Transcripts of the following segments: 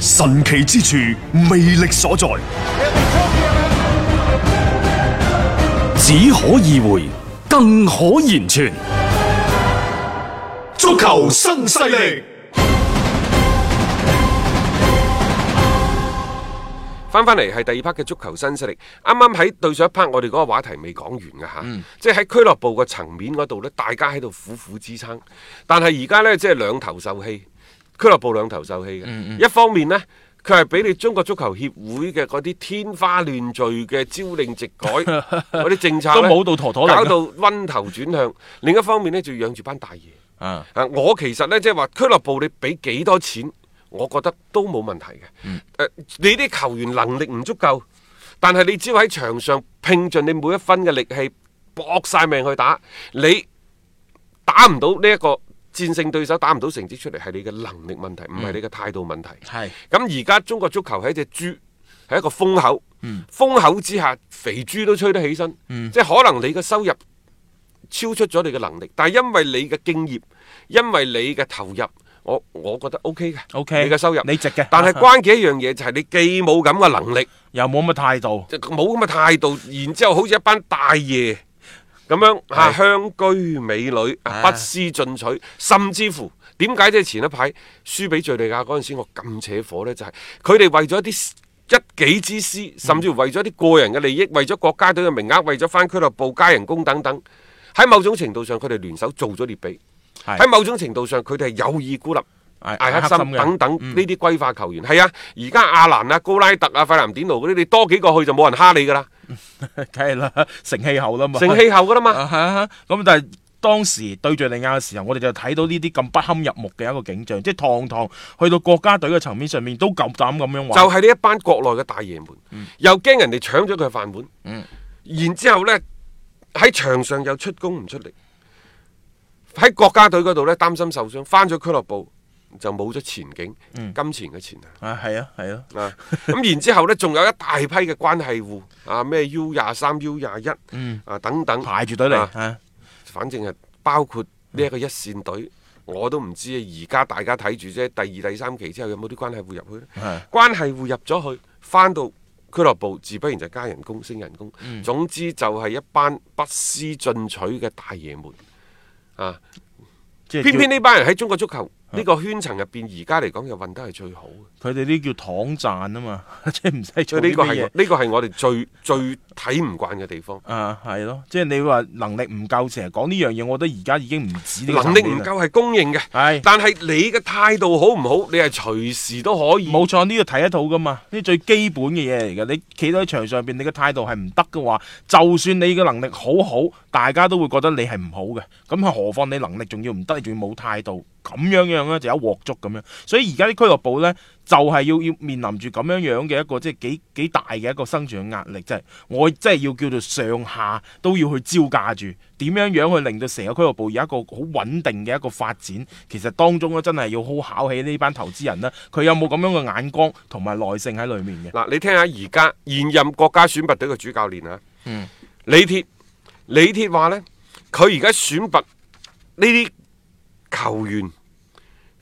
神奇之處，魅力所在， 只可意會，更可言傳。足球新勢力，力，翻翻嚟係第二 part 嘅足球新勢力。啱啱喺對上一 part，我哋嗰個話題未講完嘅吓，嗯、即係喺俱樂部嘅層面嗰度呢，大家喺度苦苦支撐，但係而家呢，即係兩頭受氣。俱樂部兩頭受氣嘅，嗯嗯，一方面呢，佢係俾你中國足球協會嘅嗰啲天花亂墜嘅朝令夕改嗰啲 政策都冇到妥妥，搞到暈頭轉向。另一方面呢，就要養住班大爺。啊，啊，我其實呢，即係話俱樂部，你俾幾多錢，我覺得都冇問題嘅。嗯呃。你啲球員能力唔足夠，但係你只要喺場上拼盡你每一分嘅力氣，搏晒命去打，你打唔到呢一個。戰勝對手，打唔到成績出嚟，係你嘅能力問題，唔係你嘅態度問題。係咁，而家中國足球係一隻豬，係一個風口，嗯、風口之下肥豬都吹得起身。嗯、即係可能你嘅收入超出咗你嘅能力，但係因為你嘅敬業，因為你嘅投入，我我覺得 OK 嘅。OK，你嘅收入你值嘅。但係關鍵一樣嘢就係你既冇咁嘅能力，嗯、又冇乜態度，冇咁嘅態度，然之後，後好似一班大爺。咁樣嚇，鄉居美女不思進取，甚至乎點解即係前一排輸俾敍利亞嗰陣時，我咁扯火呢，就係佢哋為咗啲一己之私，甚至乎為咗啲個人嘅利益，為咗國家隊嘅名額，為咗返俱樂部加人工等等。喺某種程度上，佢哋聯手做咗劣比；喺某種程度上，佢哋係有意孤立艾克森等等呢啲歸化球員。係啊，而家阿蘭啊、高拉特啊、費南典奴嗰啲，你多幾個去就冇人蝦你㗎喇。梗係啦，成氣候啦嘛，成氣候噶啦嘛。咁、啊啊啊啊、但係當時對住敘利亞嘅時候，我哋就睇到呢啲咁不堪入目嘅一個景象，即係堂堂去到國家隊嘅層面上面都咁膽咁樣話，就係呢一班國內嘅大爺們，嗯、又驚人哋搶咗佢飯碗，嗯、然之後呢喺場上又出工唔出力，喺國家隊嗰度呢，擔心受傷，翻咗俱樂部。就冇咗前景，金錢嘅錢啊！係啊，係咯啊！咁然之後呢，仲有一大批嘅關係戶啊，咩 U 廿三、U 廿一啊等等排住隊嚟！反正係包括呢一個一線隊，我都唔知啊！而家大家睇住啫，第二、第三期之後有冇啲關係戶入去咧？關係戶入咗去，翻到俱樂部自不然就加人工、升人工。總之就係一班不思進取嘅大爺們啊！偏偏呢班人喺中國足球。呢個圈層入邊，而家嚟講又運得係最好。佢哋啲叫躺賺啊嘛，呵呵即係唔使做呢啲嘢。呢個係、這個、我哋最 最睇唔慣嘅地方啊，係咯，即係你話能力唔夠，成日講呢樣嘢，我覺得而家已經唔止呢個能力唔夠係公認嘅，係的。但係你嘅態度好唔好？你係隨時都可以。冇錯，呢、這個睇得到噶嘛，呢最基本嘅嘢嚟嘅。你企到喺場上邊，你嘅態度係唔得嘅話，就算你嘅能力好好，大家都會覺得你係唔好嘅。咁係何況你能力仲要唔得，你仲要冇態度。咁樣樣咧就一鑊捉咁樣，所以而家啲俱樂部呢，就係要要面臨住咁樣樣嘅一個即係幾幾大嘅一個生存嘅壓力，即係我真係要叫做上下都要去招架住，點樣樣去令到成個俱樂部有一個好穩定嘅一個發展，其實當中咧真係要好考起呢班投資人呢，佢有冇咁樣嘅眼光同埋耐性喺裏面嘅。嗱，你聽下而家現任國家選拔隊嘅主教練啊，嗯，李鐵，李鐵話呢，佢而家選拔呢啲。球員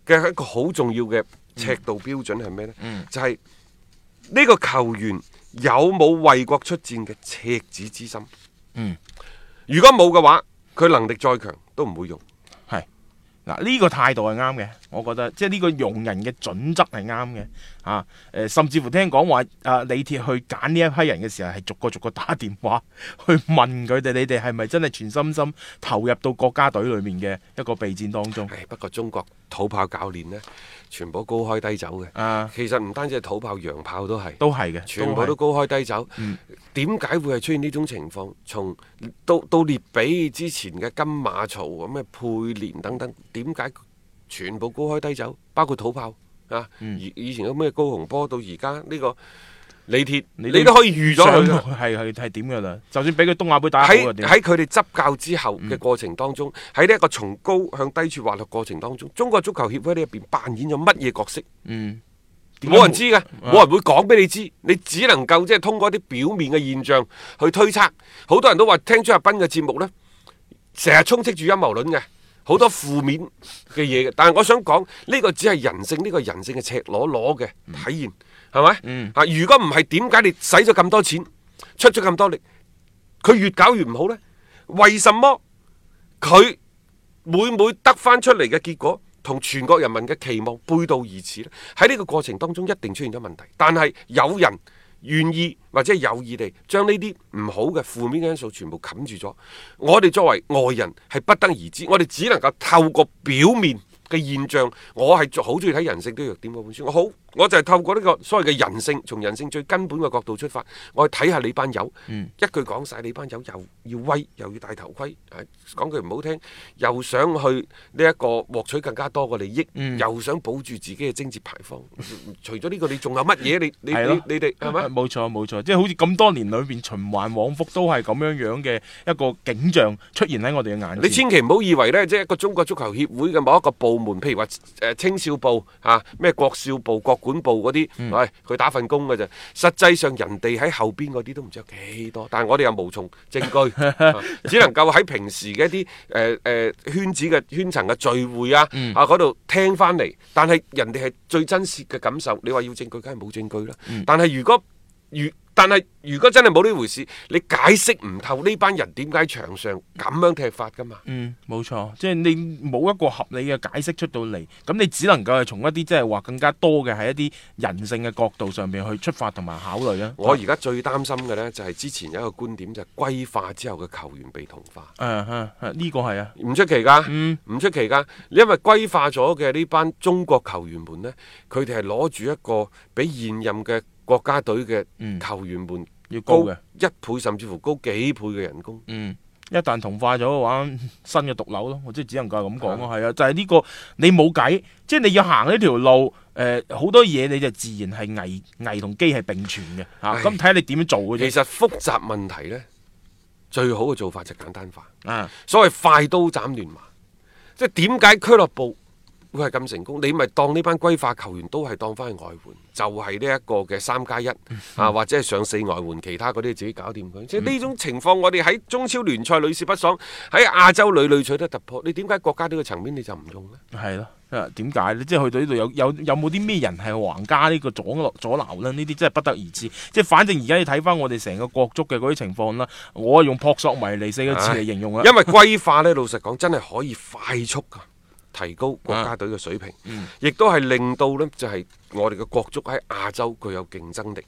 嘅一個好重要嘅尺度標準係咩咧？嗯嗯、就係呢個球員有冇為國出戰嘅赤子之心？嗯，如果冇嘅話，佢能力再強都唔會用。嗱呢個態度係啱嘅，我覺得即係呢個用人嘅準則係啱嘅嚇。甚至乎聽講話，阿、啊、李鐵去揀呢一批人嘅時候係逐個逐個打電話去問佢哋，你哋係咪真係全心心投入到國家隊裡面嘅一個備戰當中？係，不過中國土炮教練呢。全部高開低走嘅，啊、其實唔單止係土炮、洋炮都係，都係嘅，全部都高開低走。點解是會係出現呢種情況？嗯、從到到列比之前嘅金馬槽咩配連等等，點解全部高開低走？包括土炮啊，嗯、以前有咩高洪波到而家呢個。李鐵，你都可以預咗佢係係係點噶啦，就算俾佢東亞盃打喺喺，佢哋執教之後嘅過程當中，喺呢一個從高向低處滑落過程當中，中國足球協會呢入邊扮演咗乜嘢角色？嗯，冇人知噶，冇、啊、人會講俾你知，你只能夠即係通過一啲表面嘅現象去推測。好多人都話聽張達斌嘅節目咧，成日充斥住陰謀論嘅。好多負面嘅嘢嘅，但係我想講，呢個只係人性，呢個人性嘅赤裸裸嘅體現，係咪？啊，如果唔係點解你使咗咁多錢，出咗咁多力，佢越搞越唔好呢？為什麼佢每每得翻出嚟嘅結果同全國人民嘅期望背道而馳呢？喺呢個過程當中一定出現咗問題，但係有人，願意或者有意地將呢啲唔好嘅負面嘅因素全部冚住咗，我哋作為外人係不得而知，我哋只能夠透過表面嘅現象，我係好中意睇人性的弱點嗰本書，我好。我就係透過呢個所謂嘅人性，從人性最根本嘅角度出發，我去睇下你班友。嗯，一句講晒，你班友又要威，又要戴頭盔，係講句唔好聽，又想去呢一個獲取更加多嘅利益，又想保住自己嘅貞節牌坊。除咗呢個，你仲有乜嘢？你你你你哋係咪？冇錯冇錯，即係好似咁多年裏邊循環往復，都係咁樣樣嘅一個景象出現喺我哋嘅眼。你千祈唔好以為呢，即係一個中國足球協會嘅某一個部門，譬如話誒青少部啊，咩國少部國。管部嗰啲，係、哎、佢打份工嘅啫。實際上人哋喺後邊嗰啲都唔知有幾多，但係我哋又無從證據， 只能夠喺平時嘅一啲誒誒圈子嘅圈層嘅聚會啊、嗯、啊嗰度聽翻嚟。但係人哋係最真實嘅感受，你話要證據梗係冇證據啦。嗯、但係如果，如但係如果真係冇呢回事，你解釋唔透呢班人點解場上咁樣踢法噶嘛？嗯，冇錯，即係你冇一個合理嘅解釋出到嚟，咁你只能夠係從一啲即係話更加多嘅喺一啲人性嘅角度上面去出發同埋考慮啦。我而家最擔心嘅呢，就係之前有一個觀點就係歸化之後嘅球員被同化。呢個係啊，唔出奇噶，唔出奇噶。因為歸化咗嘅呢班中國球員們呢，佢哋係攞住一個比現任嘅。國家隊嘅球員們、嗯、要高，高一倍，甚至乎高幾倍嘅人工。嗯，一旦同化咗嘅話，新嘅毒瘤咯，我即係只能夠係咁講咯。係啊，就係、是、呢、這個你冇計，即係你要行呢條路，誒、呃，好多嘢你就自然係危危同機係並存嘅。吓、啊，咁睇下你點樣做嘅啫。其實複雜問題咧，最好嘅做法就簡單化。啊，所謂快刀斬亂麻，即係點解俱樂部，會係咁成功？你咪當呢班歸化球員都係當翻去外援，就係呢一個嘅三加一啊，或者係上四外援，其他嗰啲自己搞掂佢。嗯、即係呢種情況，我哋喺中超聯賽屢試不爽，喺亞洲屢屢取得突破。你點解國家呢個層面你就唔用呢？係咯、啊，點解咧？即係去到呢度有有有冇啲咩人係橫加呢個阻撓呢，呢啲真係不得而知。即係反正而家你睇翻我哋成個國足嘅嗰啲情況啦，我用撲朔迷離四個字嚟形容啊。因為歸化呢， 老實講真係可以快速噶、啊。提高國家隊嘅水平，亦、嗯、都係令到呢就係我哋嘅國足喺亞洲具有競爭力。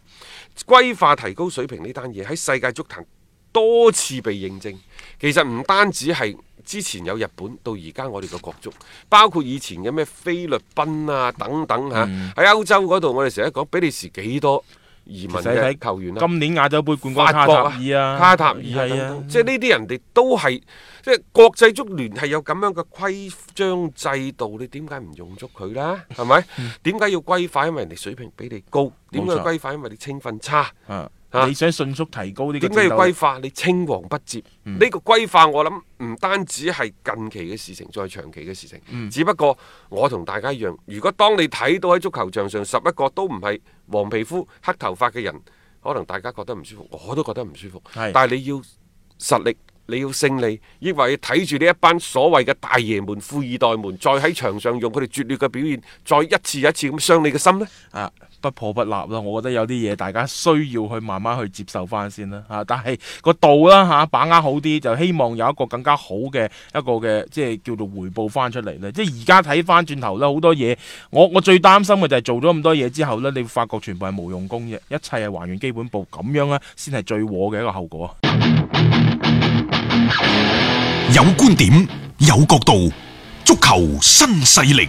歸化提高水平呢單嘢喺世界足壇多次被認證。其實唔單止係之前有日本，到而家我哋嘅國足，包括以前嘅咩菲律賓啊、等等嚇，喺、嗯啊、歐洲嗰度我哋成日講比利時幾多。移民嘅，球員今年亞洲杯冠軍、啊、卡塔爾啊，卡塔爾係啊，即係呢啲人哋都係，即係國際足聯係有咁樣嘅規章制度，你點解唔用足佢啦？係咪？點解 要歸化？因為人哋水平比你高，點解錯要歸化？因為你青訓差。嗯你想迅速提高啲，點解要歸化。你青黃不接，呢、嗯、個歸化我諗唔單止係近期嘅事情，再長期嘅事情。嗯、只不過我同大家一樣，如果當你睇到喺足球場上十一個都唔係黃皮膚黑頭髮嘅人，可能大家覺得唔舒服，我都覺得唔舒服。是但係你要實力，你要勝利，亦或睇住呢一班所謂嘅大爺們、富二代們，再喺場上用佢哋拙劣嘅表現，再一次一次咁傷你嘅心呢。啊！不破不立啦，我覺得有啲嘢，大家需要去慢慢去接受翻先啦吓、啊，但係、那個度啦吓、啊，把握好啲就希望有一個更加好嘅一個嘅即係叫做回報翻出嚟咧。即係而家睇翻轉頭啦，好多嘢，我我最擔心嘅就係做咗咁多嘢之後呢，你會發覺全部係無用功嘅，一切係還原基本步，咁樣呢，先係最禍嘅一個後果。有觀點，有角度，足球新勢力。